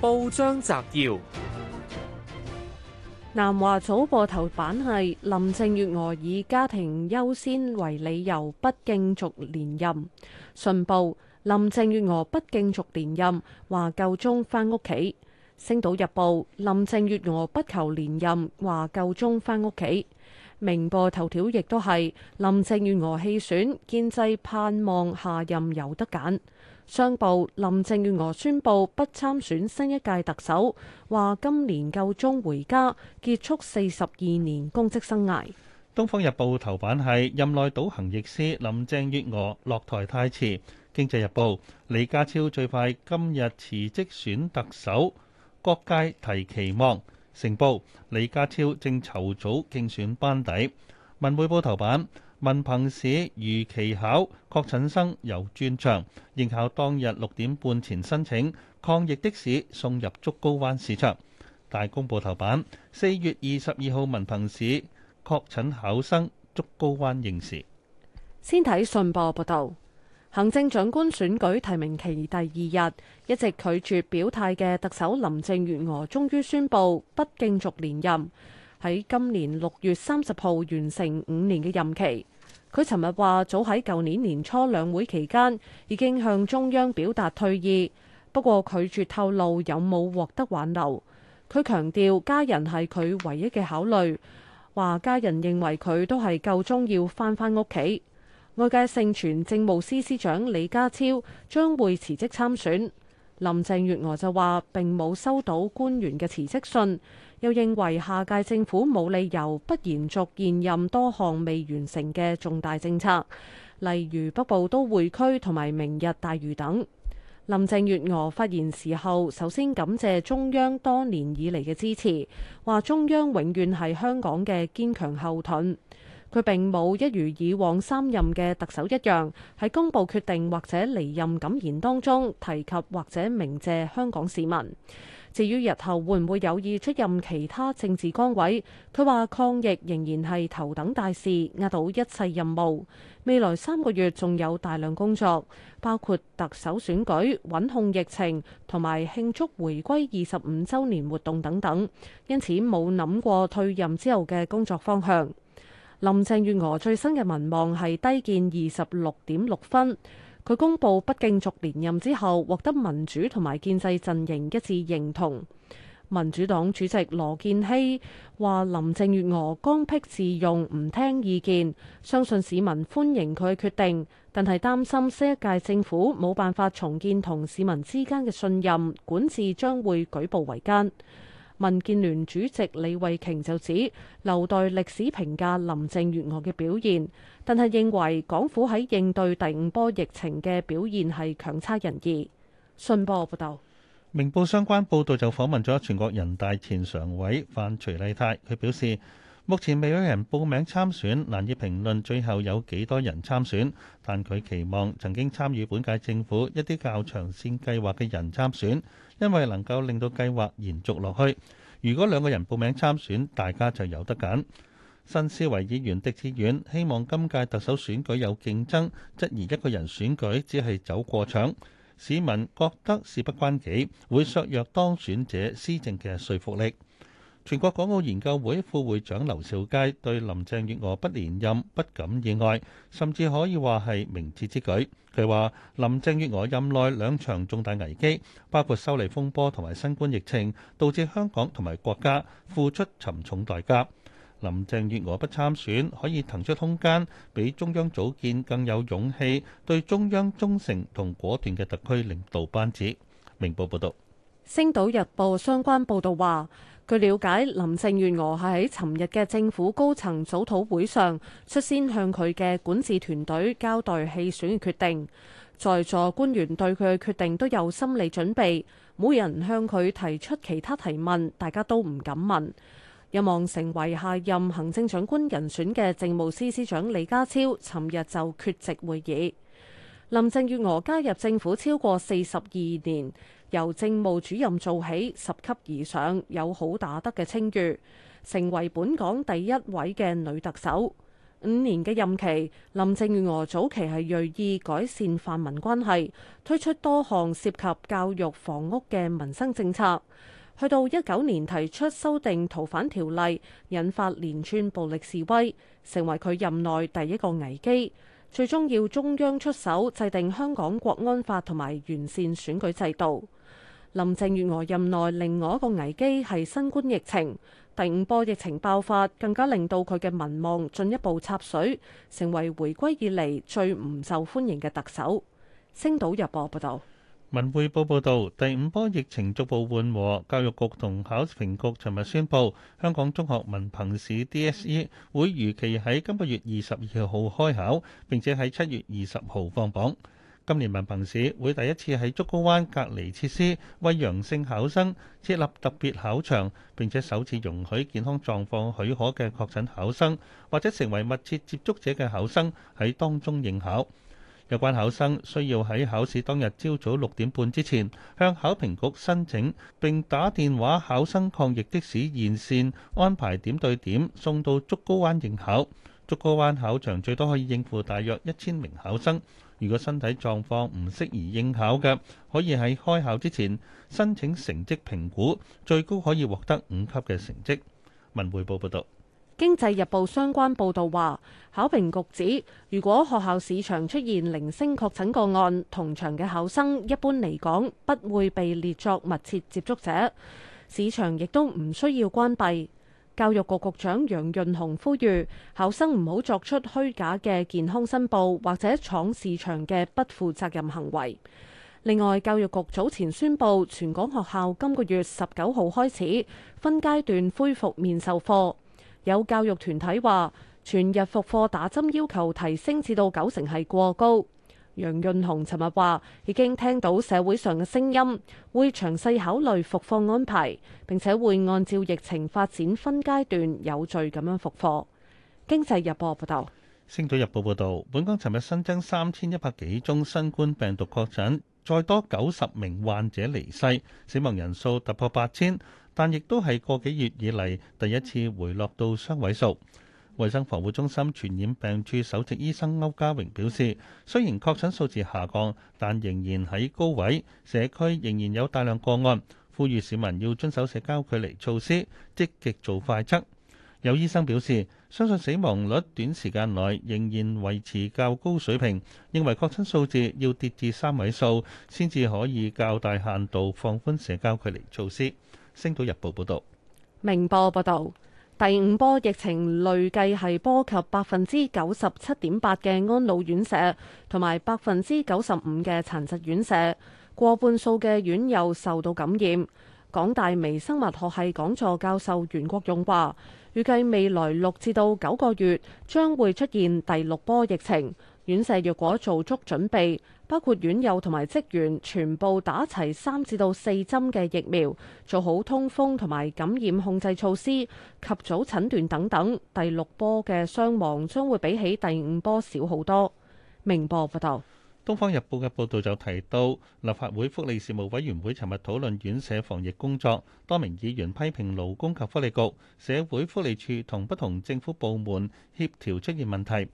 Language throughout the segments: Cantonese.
報章摘要：南華早報頭版係林鄭月娥以家庭優先為理由不競逐連任。信報：林鄭月娥不競逐連任，話夠鐘翻屋企。星島日報：林鄭月娥不求連任，話夠鐘翻屋企。明報頭條亦都係林鄭月娥棄選，建制盼望下任有得揀。商報林鄭月娥宣布不參選新一屆特首，話今年夠鐘回家，結束四十二年公職生涯。《東方日報》頭版係任內倒行逆施，林鄭月娥落台太遲。《經濟日報》李家超最快今日辭職選特首，各界提期望。成報李家超正籌組競選班底。文匯報頭版：文憑試如期考，確診生有專場，應考當日六點半前申請。抗疫的士送入竹篙灣市場。大公報頭版：四月二十二號文憑試確診考生竹篙灣應試。先睇信報報道。行政長官選舉提名期第二日，一直拒絕表態嘅特首林鄭月娥終於宣佈不競逐連任，喺今年六月三十號完成五年嘅任期。佢尋日話早喺舊年年初兩會期間已經向中央表達退意，不過拒絕透露有冇獲得挽留。佢強調家人係佢唯一嘅考慮，話家人認為佢都係夠鐘要返返屋企。外界盛傳政務司司長李家超將會辭職參選，林鄭月娥就話並冇收到官員嘅辭職信，又認為下屆政府冇理由不延續現任多項未完成嘅重大政策，例如北部都會區同埋明日大嶼等。林鄭月娥發言時候首先感謝中央多年以嚟嘅支持，話中央永遠係香港嘅堅強後盾。佢並冇一如以往三任嘅特首一樣，喺公佈決定或者離任感言當中提及或者鳴謝香港市民。至於日後會唔會有意出任其他政治崗位，佢話抗疫仍然係頭等大事，壓倒一切任務。未來三個月仲有大量工作，包括特首選舉、穩控疫情同埋慶祝回歸二十五週年活動等等，因此冇諗過退任之後嘅工作方向。林鄭月娥最新嘅民望係低見二十六點六分。佢公布不競逐連任之後，獲得民主同埋建制陣營一致認同。民主黨主席羅健熙話：林鄭月娥剛愎自用，唔聽意見，相信市民歡迎佢嘅決定，但係擔心新一屆政府冇辦法重建同市民之間嘅信任，管治將會舉步維艱。民建聯主席李慧瓊就指，留待歷史評價林鄭月娥嘅表現，但係認為港府喺應對第五波疫情嘅表現係強差人意。信報報道，明報相關報道就訪問咗全國人大前常委范徐麗泰，佢表示，目前未有人報名參選，難以評論最後有幾多人參選。但佢期望曾經參與本屆政府一啲較長線計劃嘅人參選，因為能夠令到計劃延續落去。如果兩個人報名參選，大家就有得揀。新思維議員狄志遠希望今屆特首選舉有競爭，質疑一個人選舉只係走過場，市民覺得事不關己，會削弱當選者施政嘅說服力。全國港澳研究會副會長劉兆佳對林鄭月娥不連任不感意外，甚至可以話係明智之舉。佢話：林鄭月娥任內兩場重大危機，包括修例風波同埋新冠疫情，導致香港同埋國家付出沉重代價。林鄭月娥不參選可以騰出空間，俾中央組建更有勇氣、對中央忠誠同果斷嘅特區領導班子。明報報道。《星島日報》相關報道話。據了解，林鄭月娥係喺尋日嘅政府高層早討會上，率先向佢嘅管治團隊交代棄選嘅決定。在座官員對佢嘅決定都有心理準備，冇人向佢提出其他提問，大家都唔敢問。有望成為下任行政長官人選嘅政務司司長李家超，尋日就缺席會議。林鄭月娥加入政府超過四十二年。由政務主任做起，十級而上，有好打得嘅稱譽，成為本港第一位嘅女特首。五年嘅任期，林鄭月娥早期係銳意改善泛民關係，推出多項涉及教育、房屋嘅民生政策。去到一九年，提出修訂逃犯條例，引發連串暴力示威，成為佢任內第一個危機。最終要中央出手制定香港國安法同埋完善選舉制度。林鄭月娥任內另外一個危機係新冠疫情，第五波疫情爆發更加令到佢嘅民望進一步插水，成為回歸以嚟最唔受歡迎嘅特首。星島日報報道。文匯報報道，第五波疫情逐步緩和，教育局同考評局尋日宣佈，香港中學文憑試 DSE 會如期喺今個月二十二號開考，並且喺七月二十號放榜。今年文憑試會第一次喺竹篙灣隔離設施為陽性考生設立特別考場，並且首次容許健康狀況許可嘅確診考生或者成為密切接觸者嘅考生喺當中應考。有關考生需要喺考試當日朝早六點半之前向考評局申請，並打電話考生抗疫的士熱線安排點對點送到竹篙灣應考。竹篙灣考場最多可以應付大約一千名考生。如果身體狀況唔適宜應考嘅，可以喺開考之前申請成績評估，最高可以獲得五級嘅成績。文匯報報道。經濟日報相關報道話，考評局指，如果學校試場出現零星確診個案，同場嘅考生一般嚟講不會被列作密切接觸者，試場亦都唔需要關閉。教育局局長楊潤雄呼籲，考生唔好作出虛假嘅健康申報，或者闖試場嘅不負責任行為。另外，教育局早前宣布，全港學校今個月十九號開始分階段恢復面授課。有教育團體話，全日復課打針要求提升至到九成係過高。楊潤雄尋日話，已經聽到社會上嘅聲音，會詳細考慮復課安排，並且會按照疫情發展分階段有序咁樣復課。經濟日報報道。星島日報報道，本港尋日新增三千一百幾宗新冠病毒確診，再多九十名患者離世，死亡人數突破八千。但亦都係個幾月以嚟第一次回落到雙位數。衞生防護中心傳染病處首席醫生歐家榮表示，雖然確診數字下降，但仍然喺高位，社區仍然有大量個案，呼籲市民要遵守社交距離措施，積極做快測。有醫生表示，相信死亡率短時間內仍然維持較高水平，認為確診數字要跌至三位數，先至可以較大限度放寬社交距離措施。星島日報報道，明報報道，第五波疫情累計係波及百分之九十七點八嘅安老院舍，同埋百分之九十五嘅殘疾院舍，過半數嘅院友受到感染。港大微生物學系講座教授袁國勇話，預計未來六至到九個月將會出現第六波疫情。院舍若果做足準備，包括院友同埋職員全部打齊三至到四針嘅疫苗，做好通風同埋感染控制措施、及早診斷等等，第六波嘅傷亡將會比起第五波少好多。明報報道，《東方日報》嘅報道就提到，立法會福利事務委員會尋日討論院舍防疫工作，多名議員批評勞工及福利局、社會福利署同不同政府部門協調出現問題。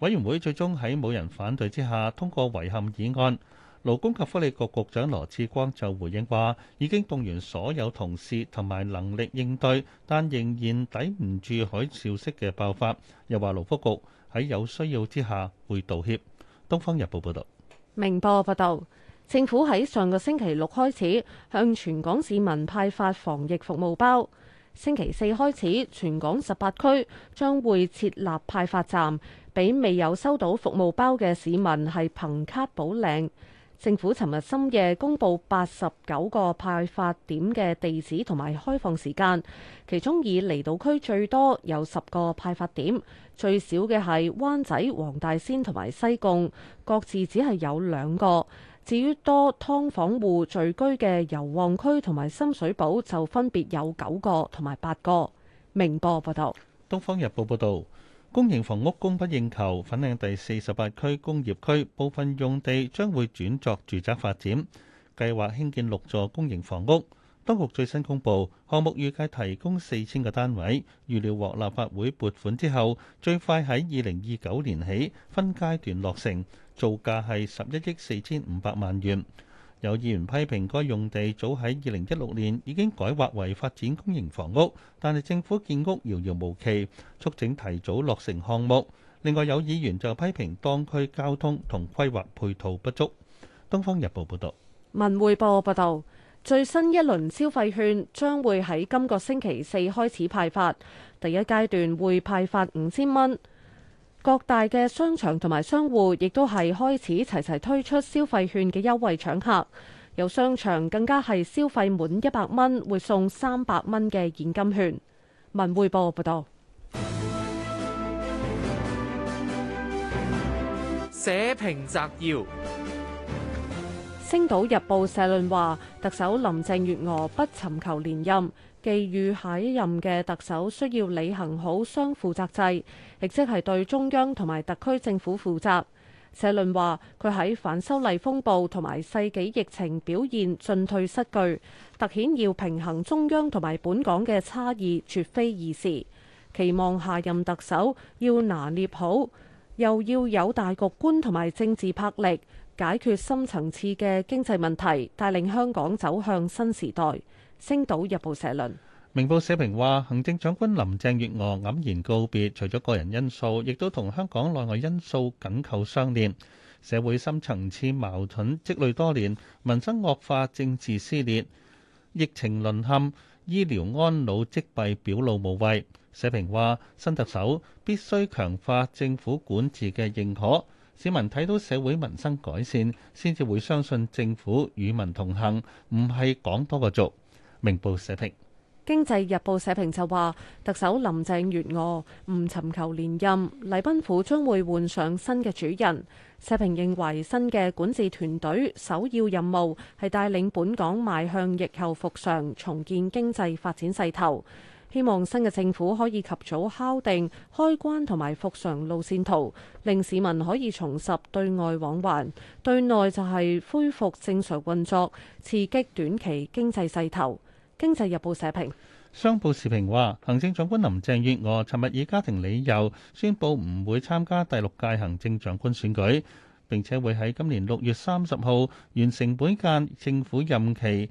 委員會最終喺冇人反對之下通過遺憾議案。勞工及福利局局局長羅致光就回應話：已經動員所有同事同埋能力應對，但仍然抵唔住海嘯式嘅爆發。又話勞福局喺有需要之下會道歉。《東方日報,報,報》報道，明報報道，政府喺上個星期六開始向全港市民派發防疫服務包。星期四開始，全港十八區將會設立派發站，俾未有收到服務包嘅市民係憑卡補領。政府尋日深夜公布八十九個派發點嘅地址同埋開放時間，其中以離島區最多，有十個派發點，最少嘅係灣仔、黃大仙同埋西貢，各自只係有兩個。至於多劏房戶聚居嘅油旺區同埋深水埗，就分別有九個同埋八個。明報報道。《東方日報》報導，公營房屋供不應求，粉嶺第四十八區工業區部分用地將會轉作住宅發展，計劃興建六座公營房屋。當局最新公佈，項目預計提供四千個單位，預料獲立，立法會撥款之後最快喺二零二九年起分階段落成，造價係十一億四千五百萬元。有議員批評該用地早喺二零一六年已經改劃為發展公營房屋，但係政府建屋遙遙無期，促請提早落成項目。另外有議員就批評當區交通同規劃配套不足。《東方日報》報，報道。文匯報報道。最新一輪消費券將會喺今個星期四開始派發，第一階段會派發五千蚊。各大嘅商場同埋商戶亦都係開始齊齊推出消費券嘅優惠搶客，有商場更加係消費滿一百蚊會送三百蚊嘅現金券。文匯報報道：社評摘要。《星島日報》社論話：特首林鄭月娥不尋求連任，寄語下一任嘅特首需要履行好雙負責制，亦即係對中央同埋特區政府負責。社論話：佢喺反修例風暴同埋世紀疫情表現進退失據，特顯要平衡中央同埋本港嘅差異絕非易事。期望下任特首要拿捏好。又要有大局觀同埋政治魄力，解決深層次嘅經濟問題，帶領香港走向新時代。星島日報社論，明報社評話，行政長官林鄭月娥黯然告別，除咗個人因素，亦都同香港內外因素緊扣相連，社會深層次矛盾積累多年，民生惡化，政治撕裂，疫情淪陷，醫療安老積弊表露無遺。社評話：新特首必須強化政府管治嘅認可，市民睇到社會民生改善，先至會相信政府與民同行，唔係講多過做。明報社評，《經濟日報》社評就話：特首林鄭月娥唔尋求連任，禮賓府將會換上新嘅主人。社評認為，新嘅管治團隊首要任務係帶領本港邁向疫後復常，重建經濟發展勢頭。希望新嘅政府可以及早敲定開關同埋復常路線圖，令市民可以重拾對外往還，對內就係恢復正常運作，刺激短期經濟勢頭。經濟日報社評。商報時評話，行政長官林鄭月娥尋日以家庭理由宣佈唔會參加第六屆行政長官選舉，並且會喺今年六月三十號完成本屆政府任期，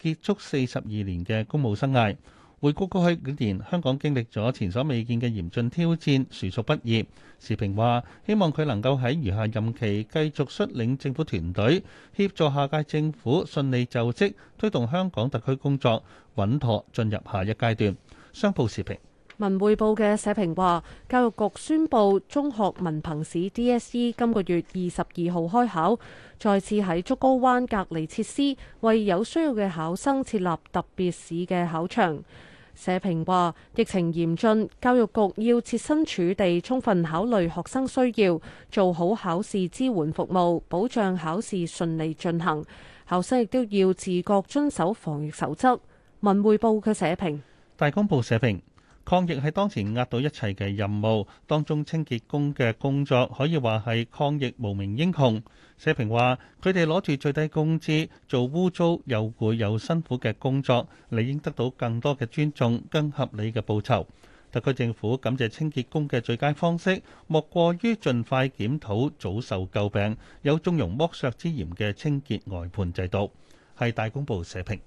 結束四十二年嘅公務生涯。回顧過去幾年，香港經歷咗前所未見嘅嚴峻挑戰，殊屬不易。時評話：希望佢能夠喺餘下任期繼續率領政府團隊協助下屆政府順利就職，推動香港特區工作穩妥進入下一階段。商報時評。文匯報嘅社評話：教育局宣布中學文憑試 DSE 今個月二十二號開考，再次喺竹篙灣隔離設施為有需要嘅考生設立特別試嘅考場。社評話：疫情嚴峻，教育局要設身處地，充分考慮學生需要，做好考試支援服務，保障考試順利進行。考生亦都要自覺遵守防疫守則。文匯報嘅社評。大公報社評。抗疫係當前壓倒一切嘅任務，當中清潔工嘅工作可以話係抗疫無名英雄。社評話：佢哋攞住最低工資做污糟又攰又辛苦嘅工作，理應得到更多嘅尊重、更合理嘅報酬。特區政府感謝清潔工嘅最佳方式，莫過於盡快檢討早受詬病、有縱容剝削之嫌嘅清潔外判制度。係大公報社評。